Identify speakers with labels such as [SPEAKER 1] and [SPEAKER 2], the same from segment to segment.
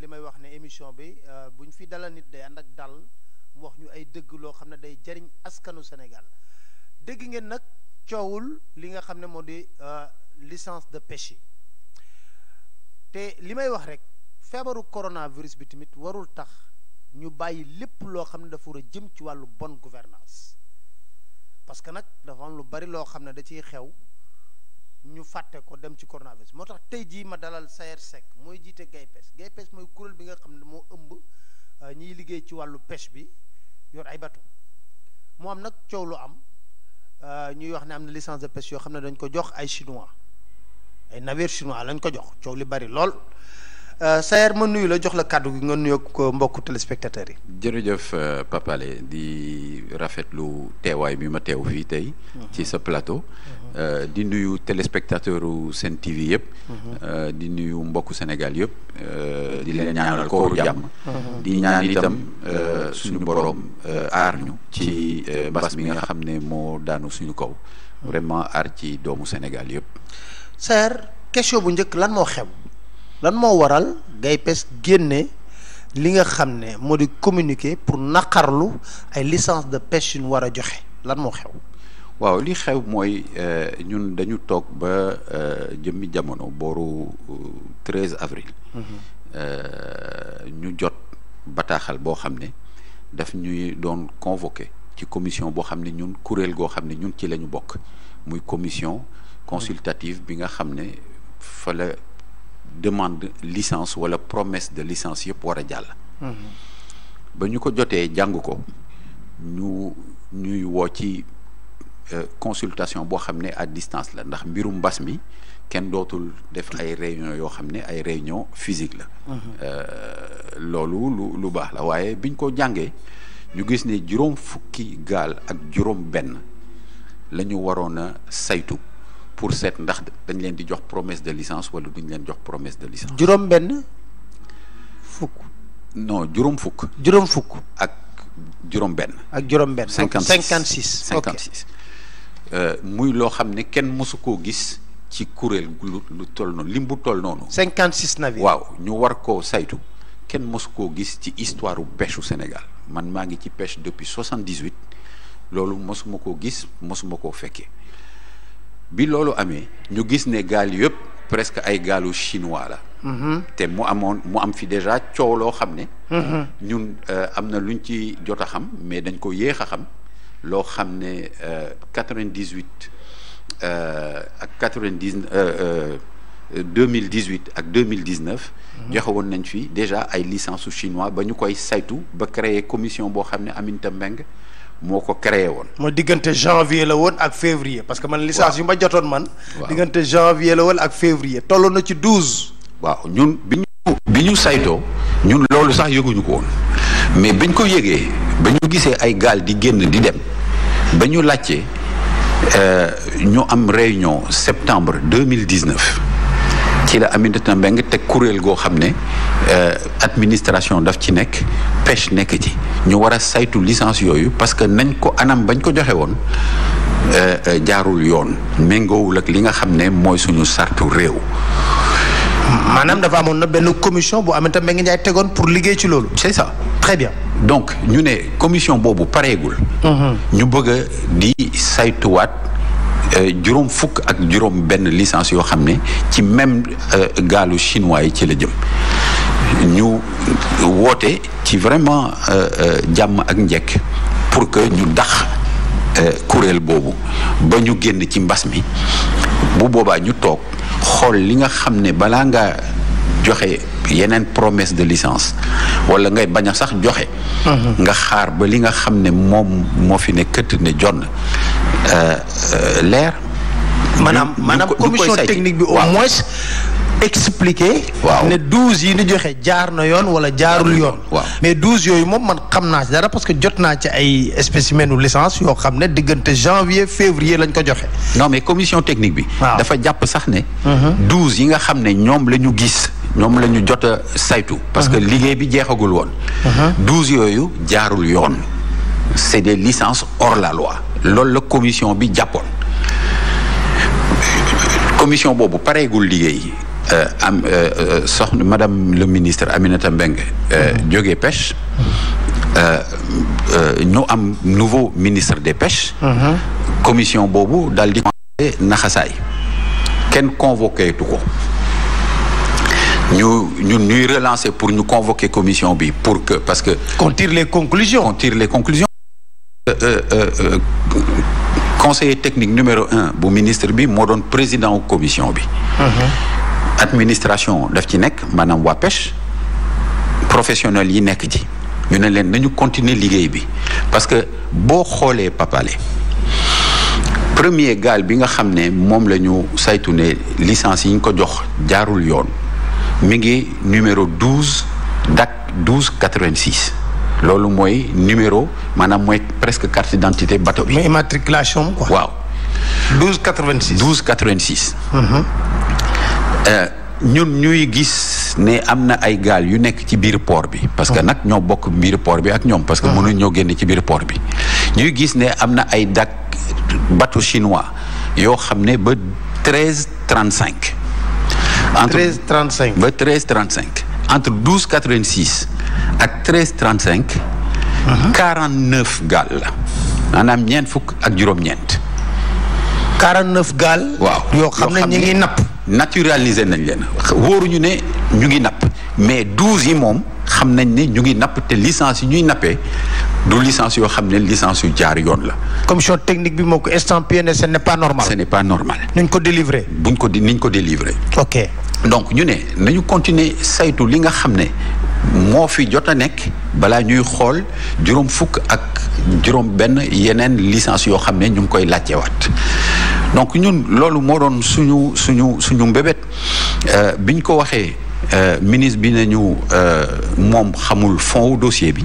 [SPEAKER 1] li may wax ne émission bi euh, bu ñu fi dalal nit day ànd ak dal mu wax ñu ay dëgg loo xam ne day jariñ askanu Sénégal dëgg ngeen nag coowul li nga xam ne moo di euh, licence de pêche yi te li may wax rek feebaru coronavirus bi tamit warul tax ñu bàyyi lépp loo xam ne dafa war a jëm ci wàllu bonne gouvernance parce que nag dafa lu bari loo xam ne da ciy xew ñu fàtte ko dem ci coronavirus moo tax tey jii ma dalal Saer Seck mooy jiite GAIPES gaypes mooy kuréel bi nga xam ne moo ëmb euh, ñiy liggéey ci wàllu pêche bi yor ay bateau mu am nag coow lu am euh, ñuy wax ne am na licence de pêche yoo xam ne dañ ko jox ay chinois ay navire chinois lañ ko jox coow li bari lool Euh, Saer ma nuyu la jox la kàddu gi nga nuyoo ko euh, mbokku téléspectateurs yi.
[SPEAKER 2] jërëjëf euh, Papa Alé di rafetlu teewaay bi ma teew fii tey. ci sa plateau. di nuyu téléspectateur u Sen TV yëpp. di nuyu mbokku Sénégal yëpp. di leen ñaanal kooru jàmm. di ñaan itam suñu borom aar ñu. ci mbas mi nga xam ne moo daanu suñu kaw. vraiment aar ci doomu Sénégal yëpp.
[SPEAKER 1] Saer question bu njëkk lan moo xew. lan moo waral GAIPES génne li nga xam ne moo di communiquer pour naqarlu ay licence de pêche yu ñu war a joxe lan moo xew.
[SPEAKER 2] waaw li xew mooy euh, ñun dañu toog ba euh, jëmmi jamono booru 13 euh, avril. Mhm. ñu jot bataaxal boo xam ne daf ñuy doon convoqué ci commission boo xam ne ñun kuréel goo xam ne ñun ci la ñu bokk muy commission consultative bi nga xam ne fa la. demande licence wala promesse de licence yëpp war a jàll. Mhm. ba ñu ko jotee jàng ko ñu ñuy woo ci euh, consultation boo xam ne à distance la ndax mbirum mbas mi kenn dootul def ay réunion yoo xam ne ay réunion physique la. Mhm. Euh, loolu lu lu baax la waaye biñ ko jàngee ñu gis ne juróom fukki gaal ak juróom benn la ñu waroon a saytu. pour seet ndax dañ leen di jox promesse de licence wala duñ leen jox promesse de licence. juróom benn fukk. non juróom fukk. juróom fukk ak juróom benn. ak
[SPEAKER 1] juróom benn. cinquante six cinquante
[SPEAKER 2] six euh, muy loo xam ne kenn mosu koo gis ci kuréel lu lu toll noonu lim toll noonu. cinquante six navires waaw ñu war koo saytu kenn mosu koo gis ci histoire u pêche u Sénégal man maa ngi ci pêche depuis soixante dix huit loolu mosuma koo gis mosuma koo fekkee. bi loolu amee ñu gis ne gaal yëpp presque ay gaalu chinois la. Mm-hmm. te mu amoon mu am fi déjà coow loo xam ne. Mm-hmm. ñun euh, am na luñ ci jot a xam mais dañ ko yéex a xam loo xam ne euh, quatre-vingt-dix-huit euh, ak quatre-vingt-dix-neuf 2018 ak 2019. joxe woon nañ fi déjà ay licence su chinois ba ñu koy saytu ba créer commission boo xam ne Aminata Mbengue moo ko créé woon.
[SPEAKER 1] moo diggante janvier la woon ak février parce que man. li licence yu ma jotoon man.
[SPEAKER 2] diggante janvier la woon ak février tolloon na ci douze. waaw ñun bi ñu. bi ñu saytoo ñun loolu sax yëguñu ko woon mais biñ ko yëgee ba ñu gisee ay gaal di génn di dem ba ñu laajte euh, ñu am réunion septembre deux mille dix-neuf ci la Aminata Mbengue teg kuréel goo xam ne euh, administration daf ci nekk pêche nekk ci. ñu war a saytu licence yooyu parce que nañ ko anam bañ ko joxe woon euh, euh, jaarul yoon méngoowul ak li nga xam ne mooy suñu sartu réew. maanaam dafa amoon na benn commission bu Aminata Mbengue Ndiaye tegoon pour liggéey ci loolu. c'est ça très bien. donc ñu ne commission boobu pareegul. Mhm. ñu bëgg a di saytuwaat euh, juróom fukk ak juróom benn licence yoo xam ne ci même gaalu chinois yi ci la jëm woote ci vraiment euh, euh, jàmm ak njekk pour que ñu dax euh, kuréel boobu ba ñu génn ci mbas mi bu boobaa ñu toog xool li nga xam ne balaa nga joxe yeneen promesse de licence wala ngay bañ a sax joxe mhm. nga xaar ba li nga xam ne moom moo fi ne këtt ne jonn leer maanaam maanaam commission technique bi au moins expliquer waaw ne douze yi ñu joxe
[SPEAKER 1] jaar na yoon wala jaarul yoon. waaw mais douze yooyu moom man xam naa ci dara parce que jot naa ci ay
[SPEAKER 2] spécimen u licence yoo xam ne diggante janvier février lañ ko joxe. non mais commission technique bi. dafa jàpp sax ne. Mhm. douze yi nga xam ne ñoom la ñu gis. ñoom la ñu jot a saytu. parce que mhm. liggéey bi jeexagul woon. Mhm. douze yooyu jaarul yoon. c'est des licences hors la loi. loolu la commission bi jàppoon. commission boobu pareegul liggéey. Euh, am euh, euh, soxna madame le ministre Aminata Mbengue jógee pêche ñu am nouveau ministre des pêches mhm. commission boobu daal di commencé kenn convoqué tu ko ñu ñun ñuy relancer pour ñu convoquer commission bi pour que parce que qu'on tire les conclusions qu'on tire les conclusions euh, euh, euh, conseiller technique numéro un bu ministre bi moo doon président commission bi mhm. administration daf ci nekk maanaam waa pêche professionnels yi nekk ci ñu ne leen nañu continuer liggéey bi parce que boo xoolee papale premier gaal bi nga xam ne moom la ñu saytu ne licence yi ñu ko jox jaarul yoon mi ngi numéro 12 DAC 12 86 loolu mooy numéro maanaam mooy presque carte d'identité bateau bi. waaw 12 86. 12 86. Euh, ñun ñuy gis ne am na ay gaal yu nekk ci biir port bi parce que oh. nag ñoo bokk biir port bi ak ñoom parce que ah. mënuñ ñoo génn ci biir port bi ñuy gis ne am na ay dak batu chinois yoo xam ne ba treize trente cinq entre treize cinq ba treize trente cinq entre douze quatre vingt six ak cinq uh-huh. quarante neuf gaal la maanaam ñeent fukk ak juróom-ñeent gaal yoo xam ne ñu ngi napp naturaliser nañ leen wóoruñu ne ñu ngi napp mais douze yi moom xam nañ ne ñu ngi napp te licence yi ñuy nappee du licence yoo xam ne licence yu jaar yoon la. commission technique bi moo ko estampé ne ce n'est pas normal. ce n'est pas normal. nuñ ko délivrer. buñ ko di niñ ko délivrer. ok donc ñu ne nañu continuer saytu li nga xam ne moo fi jot a nekk balaa ñuy xool juróom fukk ak juróom benn yeneen licence yoo xam ne ñu ngi koy laajteewaat. donc ñun loolu moo doon suñu suñu suñu mbébét euh, biñ ko waxee euh, ministre bi nañu euh, moom xamul fond dossier bi.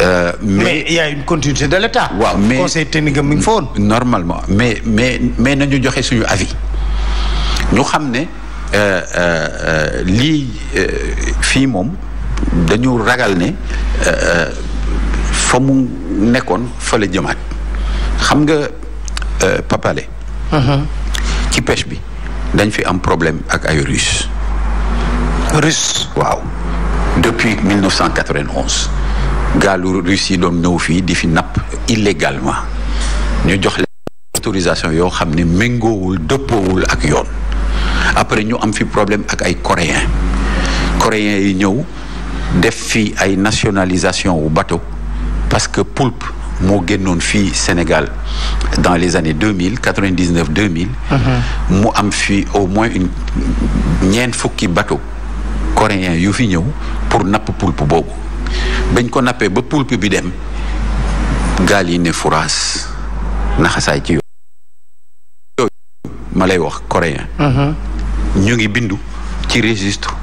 [SPEAKER 2] Euh, mais, mais il y a une continuité de l'État. mais conseil technique mi ngi fa normalement mais mais mais nañu joxe suñu avis ñu xam ne lii fii moom dañu ragal ne fa mu nekkoon fa la jëmaat xam nga papale Mhm. ci pêche bi dañ fi am problème ak ay russe russe waaw depuis 1991 gaalu russe yi doon ñëw fii di fi napp illégalement ñu jox leen autorisation yoo xam ni méngoowul dëppoowul ak yoon après ñu am fi problème ak ay coréen coréen yi ñëw def fi ay nationalisation wu bateau parce que poulpe moo génnoon fii Sénégal dans les années deux mille quatre-vingt-dix-neuf deux mille mhm. mu am fii au moins une ñeent fukki bateau coréen yu fi ñëw pour napp pulpe boobu bañ ko nappee ba pulpe bi dem gaal yi ne furaas naxasaay ci yooyu ma wax coréen mhm. ñu ngi bindu ci registre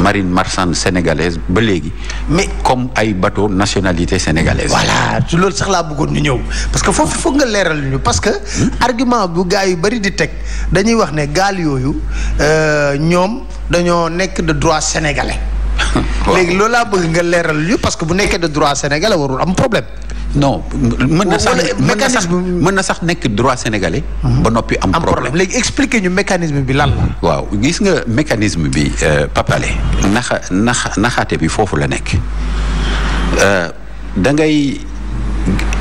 [SPEAKER 2] marine marchande sénégalaise ba léegi. mais comme ay bateau nationalité sénégalaise. voilà
[SPEAKER 1] loolu sax laa bëggoon ñu ñëw parce que foofu foog nga leeral ñu parce que. Hmm? argument bu gaa yu bari di teg dañuy wax ne gaal yooyu euh, ñoom dañoo nekk de droit sénégalais.
[SPEAKER 2] léegi loolu laa bëgg nga leeral ñu parce que bu nekkee de droit sénégalais warul am problème. non mën na sax mën na sax mën na sax nekk droit sénégalais. Mhm. ba noppi am problème léegi expliquer ñu mécanisme bi lan waaw gis nga mécanisme bi euh, papale naxa naxa naxaate bi foofu la nekk euh, da ngay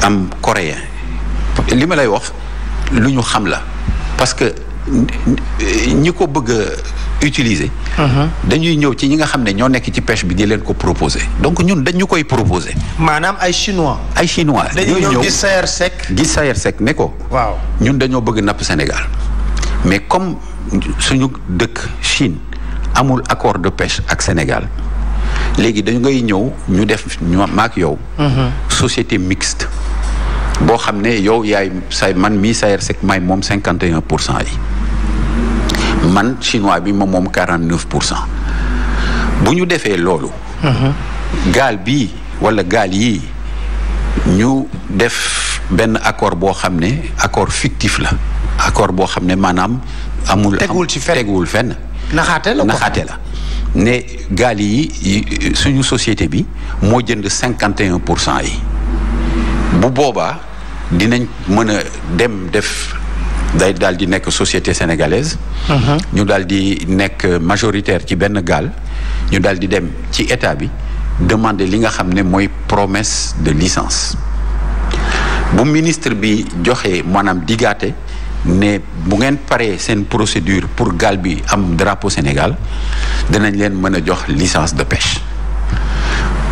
[SPEAKER 2] am coréen li ma lay wax lu ñu xam la parce ñi ko bëgg a utiliser. Uh-huh. dañuy ñëw ci ñi nga xam ne ñoo nekk ci pêche bi di leen ko proposer donc ñun dañu koy proposer. maanaam ay chinois. ay chinois dañuy ñëw gis Sayer Seck. gis Sayer ne ko. waaw ñun dañoo bëgg napp Sénégal mais comme suñu dëkk Chine amul accord de pêche ak Sénégal léegi dañu ngay ñëw ñu def ñu maak yow. Uh-huh. société mixte. boo xam ne yow yaay say man mii Sayer Seck maay moom cinquante et pour cent yi man chinois bi moom moom quarante neuf pour cent bu ñu defee loolu. gaal bi walla gaal yi ñu def benn accord boo xam ne accord fictif la accord boo xam ne maanaam amul. teguwul ci fenn teguwul fenn. naxaate la naxaate la. ne gaal yi suñu société bi moo jënd cinquante et pour cent yi bu boobaa dinañ mën a dem def day daal di nekk société sénégalaise. Uh-huh. ñu daal di nekk majoritaire ci benn gaal ñu daal di dem ci état bi demander li nga xam ne mooy promesse de licence bu ministre bi joxe maanaam digaate ne bu ngeen paree seen procédure pour gaal bi am drapeau Sénégal dinañ leen mën a jox licence de pêche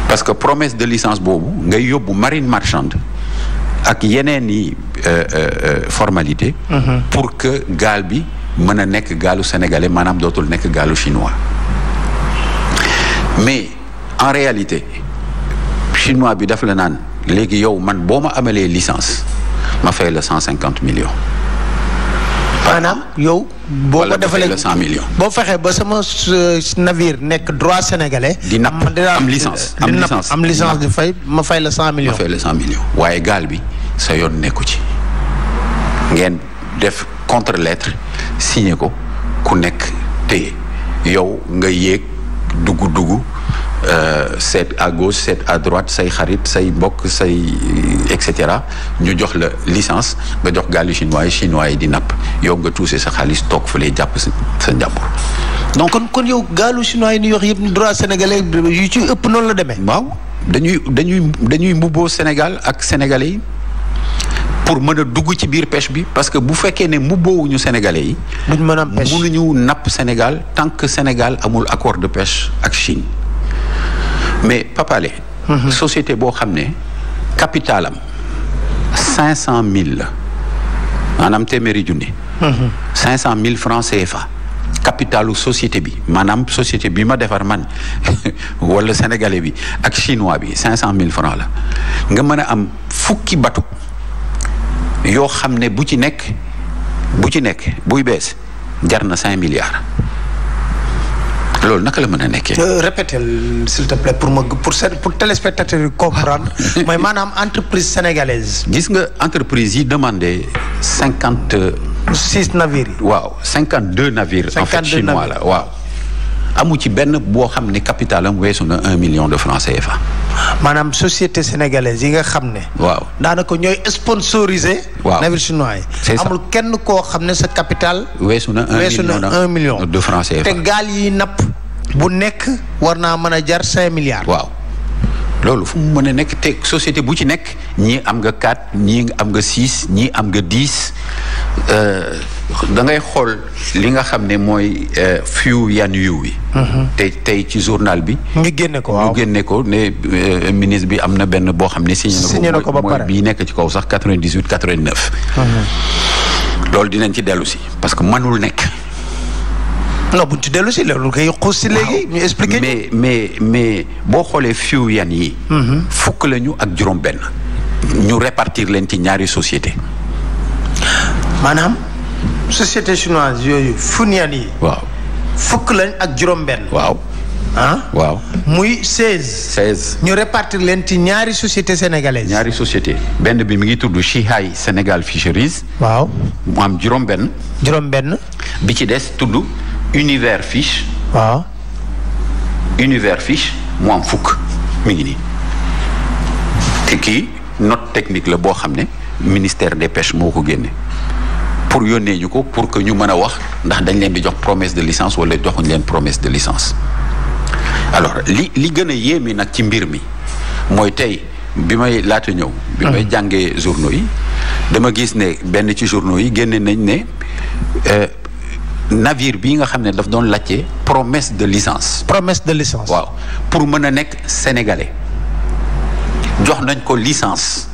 [SPEAKER 2] parce que promesse de licence boobu ngay yóbbu marine marchande. ak yeneen i euh, euh, euh, formalité mhm. pour que gaal bi mën a nekk gaalu sénégalais maanaam dootul nekk gaalu chinois mais en réalité chinois bi dafa la naan léegi yow man boo ma amelee licence ma fay la cent cinquante millions maanaam yow boo ko defalee cent millions
[SPEAKER 1] boo fexee ba sama navire nekk droit sénégalais di napp am licence am licence di fay ma fay la cent millions ma
[SPEAKER 2] fay la waaye gaal bi sa yoon nekku ci ngeen def contre lettre signé ko ku nekk te yow nga yéeg dugg dugg euh, seet à gauche set à droite say xarit say mbokk say euh, et cetera ñu jox la licence nga jox gaalu chinois yi chinois yi di napp yow nga tuuse sa xaalis toog fa lay jàpp sa sa njàmbur. donc kon kon yow gaalu chinois yi nu wax yëpp droit sénégalais yu ci ëpp noonu la demee. waaw dañuy dañuy dañuy mbubboo Sénégal ak sénégalais yi. pour mën a dugg ci biir pêche bi parce que bu fekkee ne mu boowuñu sénégalais yi. duñ mën a am pêche mënuñu napp Sénégal tant que Sénégal amul accord de pêche ak Chine mais papale mhm. société boo xam ne capital am cinq cent mille la maanaam téeméeri junni. Mhm. cinq cent mille francs CFA. capitalu société bi maanaam société bi ma defar man wala sénégalais bi ak chinois bi cinq cent mille francs la nga mën a am fukki bateau yoo xam ne bu ci nekk bu ci nekk buy bees jar na cinq milliards loolu naka la mën a nekkee.
[SPEAKER 1] Euh, répétez s'il te plaît pour ma pour pour téléspectateurs yi comprendre ah. mooy maanaam entreprise sénégalaise.
[SPEAKER 2] gis nga entreprise yi demandé cinquante. six navires. waaw cinquante deux navires. en fait chinois la waaw. amu ci benn boo xam ne capital weesu na un million de francs fa
[SPEAKER 1] maanaam société sénégalaise yi nga xam ne.
[SPEAKER 2] waaw daanaka
[SPEAKER 1] ñooy sponsorisé. waaw navire chinois amul kenn koo xam ne sa capital.
[SPEAKER 2] weesu na un weesu na un million de francs CFA. te gaal yi napp bu nekk war naa mën a jar cinq milliards. waaw. loolu fu mu mën a nekk te société bu ci nekk ñii am nga quatre ñii am nga six ñii am nga dix euh, da ngay xool li nga xam ne mooy euh, fiw yan yiw yi mhm. te tey ci journal bi ñu génne ko waaw génne ko ne euh, ministre bi am na benn boo xam ne signé na ko ba pare bii nekk ci kaw sax quatre-vingt-dix-huit quatre
[SPEAKER 1] mhm.
[SPEAKER 2] loolu dinañ ci dellu si parce que mënul nekk non buñ ci dellu si loolu koy xuus si léegi ñu expliqué mais mais mais boo xoolee fiw yan yi mhm. fukk la ñu ak juróom benn ñu répartir leen ci ñaari société
[SPEAKER 1] société chinoise yooyu funian yi. waaw fukk lañ ak juróom-benn. waaw. Ah? waaw muy
[SPEAKER 2] 16. 16 ñu répartir leen ci ñaari société sénégalaise ñaari société benn bi mi ngi tudd Chihai Sénégal Fisheries. waaw mu am juróom-benn. juróom-benn. bi ci des tudd Univers fiche waaw. Univers Fish mu am fukk mi ngi nii te kii not technique la boo xam ne ministère des pêches moo ko génne. pour yónnee ñu ko pour que ñu mën a wax ndax dañ leen di jox promesse de licence wala joxuñ leen promesse de licence alors li li gën a yéeme nag ci mbir mi mooy tey bi may laata ñëw bi may jàngee journaux yi dama gis ne benn ci journaux yi génne nañ ne euh, navire bii nga xam ne daf doon laajte promesse de licence promesse de licence waaw pour mën a nekk sénégalais jox nañ ko licence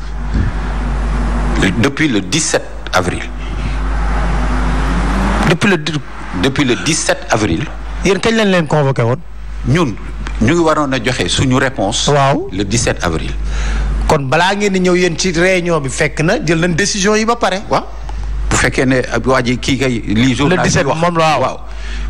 [SPEAKER 2] depuis le 17 avril depuis le depuis le 17 avril. yéen kañ lañ leen convoqué woon. ñun ñu ngi waroon a joxe suñu réponse waaw le 17 avril. kon balaa ngeen di ñëw yéen ci réunion bi fekk na jël nañ décision yi ba pare. waaw bu fekkee ne waa ji kii kay. li journal bi wax le waaw.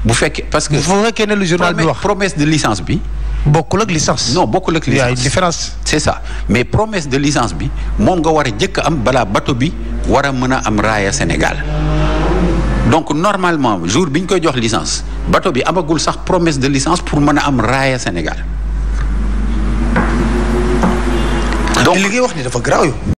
[SPEAKER 2] bu fekkee parce que. bu fekkee ne lu journal bi wax promesse de licence bi. bokk ak licence. non bokkul ak licence y a une différence. c'est ça mais promesse de licence bi moom nga war a jëkk am balaa bato bi war a mën a am raaya Sénégal. donc normalement jour bi ñu koy jox licence bateau bi amagul sax promesse de licence pour mën a am raaya Sénégal. Ah, donc li ngay wax ni dafa
[SPEAKER 1] grave